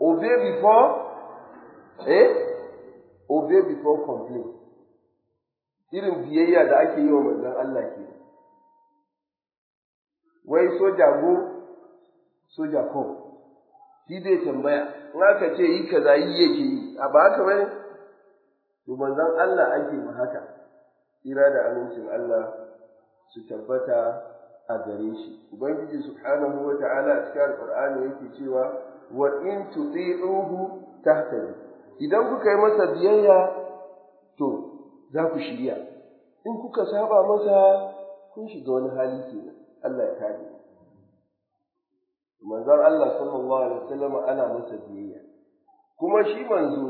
Obey before, eh? Obey before complain. Irin biyayya da ake yi wa manzon Allah ke. Wai soja go, soja ko. Shi zai tambaya, in aka ce yi kaza yi yake yi, a ba haka bane? To manzon Allah ake ma haka. Kira da amincin Allah su tabbata a gare shi. Ubangiji subhanahu wa ta'ala a cikin Alƙur'ani yake cewa wa in tuti'uhu tahtadu idan kuka yi masa biyayya to za ku shirya in kuka saba masa kun shiga wani hali ke Allah ya kare manzon Allah sallallahu alaihi wasallam ana masa biyayya kuma shi manzo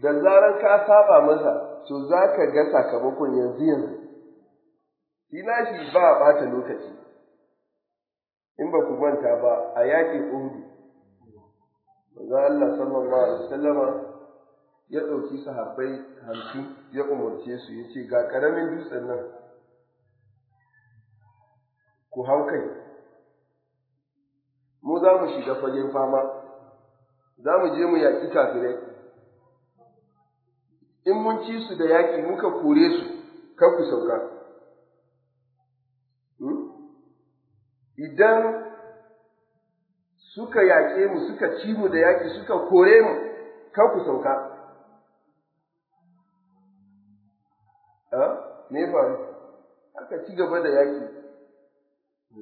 da zaran ka saba masa to za ka ga sakamakon yanzu yanzu shi ba a ɓata lokaci in ba ku manta ba a yaƙi Uhud manzo Allah sallallahu alaihi wasallama ya ɗauki sahabbai hamsin ya umarce su ya ce ga ƙaramin dutsen nan ku hau kai mu za mu shiga fagen fama za mu je mu yaƙi kafirai in mun ci su da yaƙi muka kore su kar ku sauka hmm? idan suka yaƙe mu suka ci mu da yaƙi suka kore mu kan ku sauka eh? me faru aka ci gaba da yaƙi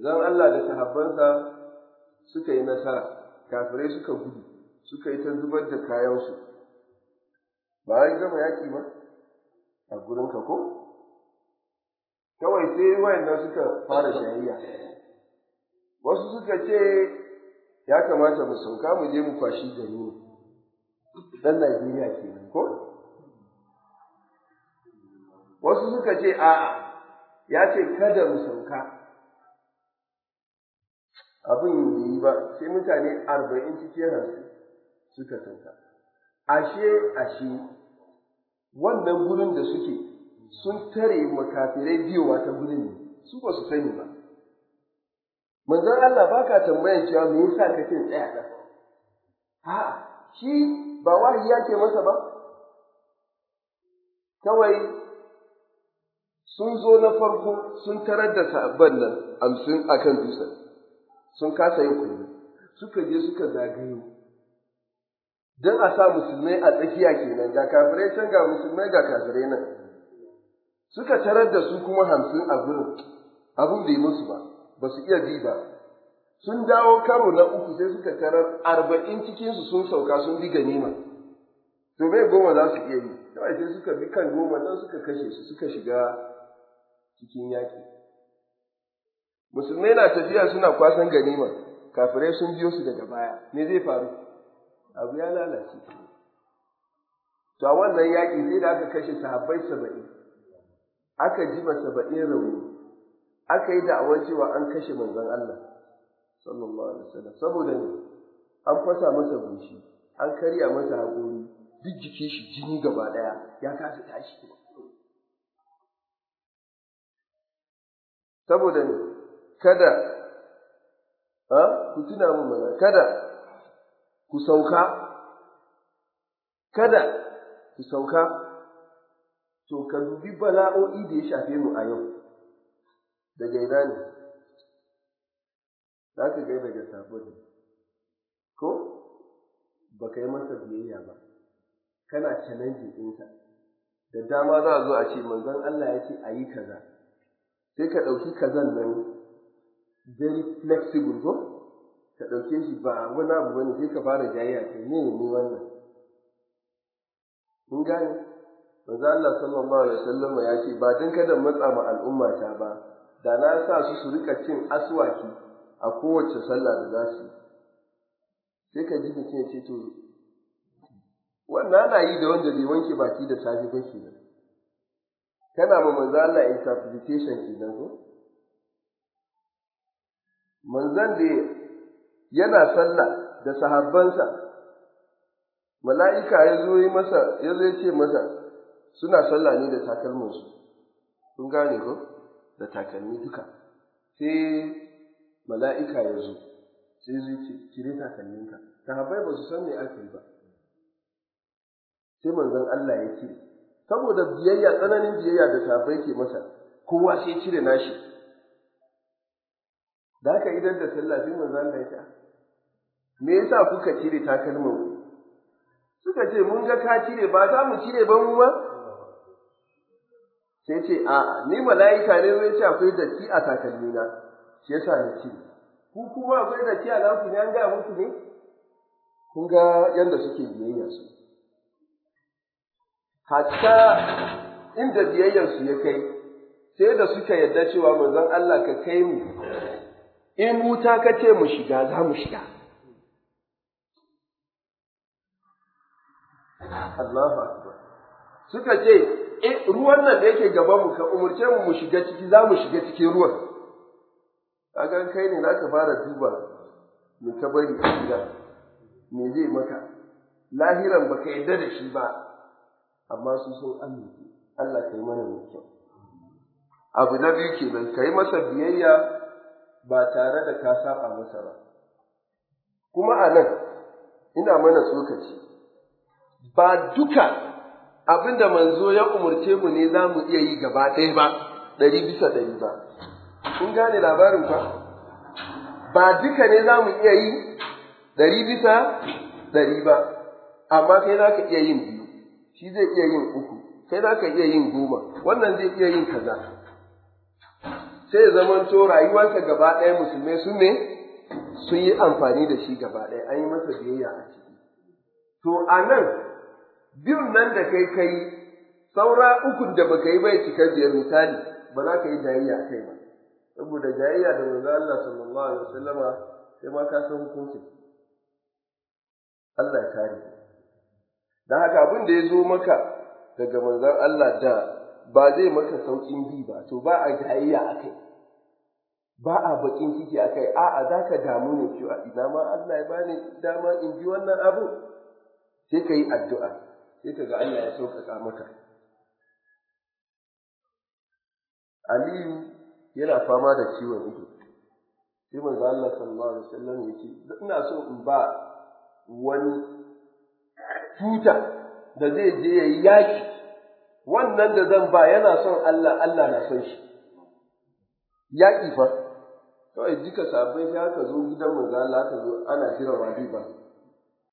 zan Allah da sahabbansa suka yi nasara kafirai suka gudu suka yi ta zubar da kayansu ba yi gama yaƙi ba a gurinka ko kawai sai wayannan suka fara jayayya wasu suka ce ya kamata mu sauka mu je mu kwashi gari ne dan Najeriya kenan ko wasu suka ce a'a ya ce kada mu sauka abin yi ba sai mutane arba'in cikin hansu suka sauka ashe ashe wannan gurin da suke sun tare makafirai biyowa ta gurin ne su ba su sani ba manzon Allah ba ka tambayan cewa me yasa kake tsaya nan a'a shi ba wahayi yake masa ba kawai sun zo na farko sun tarar da sabon nan amsin akan dutsen sun kasa yin kullum suka je suka zagayo don a sa musulmai a tsakiya kenan ga kafirai can ga musulmai ga kafirai nan suka tarar da su kuma hamsin a gurin abin bai musu ba ba su iya bi ba sun dawo karo na uku sai suka tarar arba'in cikinsu sun sauka sun bi ganima to bai goma za su iya yi kawai sai suka bi kan goma nan suka kashe su suka shiga cikin yaƙi musulmai na tafiya suna kwasan ganima kafirai sun biyo su daga baya me zai faru abu ya lalace to a wannan yaƙi sai da aka kashe sahabbai saba'in aka ji saba'in rauni aka yi da'awar cewa an kashe manzon Allah sallallahu alaihi wasallam saboda ne an fasa masa goshi an karya masa haƙuri duk jike shi jini gaba daya ya kasa tashi saboda ne kada ha ku tuna mun mana kada ku sauka kada ku sauka to ka dubi bala'o'i da ya shafe mu a yau daga ina ne za ka ga daga ne ko ba ka yi masa biyayya ba kana canan ɗinsa da dama za a zo a ce manzon Allah ya ce a yi kaza sai ka ɗauki kazan nan very flexible ko ka ɗauke shi ba wani abu bane sai ka fara jayayya kai ne ne wannan kun gane manzo Allah sallallahu alaihi wasallam ya ce ba dan kada matsa ma al'umma ta ba da na sa su su rika cin aswaki a kowace sallah da za su sai ka ji mutum ya ce to wannan na yi da wanda bai wanke baki da safe ba nan. kana ma manzo Allah interpretation nan ko manzon da yana sallah da sahabbansa mala'ika ya zo yi masa ya zo ya ce masa suna sallah ne da takalmansu kun gane ko da takalmi duka sai mala'ika ya zo sai zai ce cire takalminka sahabbai ba su san me aka ba sai manzon Allah ya ce saboda biyayya tsananin biyayya da sahabbai ke masa kowa sai cire nashi da haka idan da sallah sai manzon Allah ya ce me yasa kuka cire takalmin ku suka ce mun ga ka cire ba za mu cire ba mu ba sai ce a ni mala'ika ne zai ce akwai datti a takalmi na shi yasa ya ce ku kuma akwai datti a lafi ne an ga muku ne kun ga yanda suke biyayya su hatta inda biyayyar su ya kai sai da suka yarda cewa manzon Allah ka kai mu in wuta ka ce mu shiga za mu shiga Allahu suka ce e ruwan nan da yake gaba mu ka umurce mu mu shiga ciki za mu shiga cikin ruwan kaga kai ne za ka fara duba mu ka bari a gida me zai maka lahiran baka yarda da shi ba amma su sun amince Allah kai mana mai kyau abu na biyu ka kai masa biyayya ba tare da ka saba masa ba kuma a nan ina mana tsokaci ba duka abinda manzo ya umurce mu ne za mu iya yi gaba ɗaya ba ɗari bisa ɗari ba kun gane labarin ba ba duka ne za mu iya yi ɗari bisa ɗari ba amma kai za ka iya yin biyu shi zai iya yin uku kai za ka iya yin goma wannan zai iya yin kaza sai to rayuwarsa gaba ɗaya musulmai su ne sun yi amfani da shi gaba ɗaya an yi masa biyayya a ciki to a nan biyun nan da kai kai saura ukun da baka yi bai cika biyar misali ba za ka yi jayayya a kai ba saboda jayayya da manzo Allah sallallahu alaihi wasallama sai ma ka san hukunci Allah ya kare dan haka abin da ya zo maka daga manzon Allah da ba zai maka saukin bi ba to ba a jayayya a kai ba a bakin ciki a kai a'a za ka damu ne cewa ina ma Allah ya bani dama in ji wannan abu sai ka yi addu'a sai ka ga Allah ya sauƙaƙa maka. Aliyu yana fama da ciwon ido, sai manzo Allah sallallahu alaihi wasallam ya ce, ina so in ba wani tuta da zai je ya yi yaƙi, wannan da zan ba yana son Allah, Allah na son shi. Yaƙi fa, kawai jika sabai sai aka zo gidan manzo Allah aka zo ana jiran rabi ba.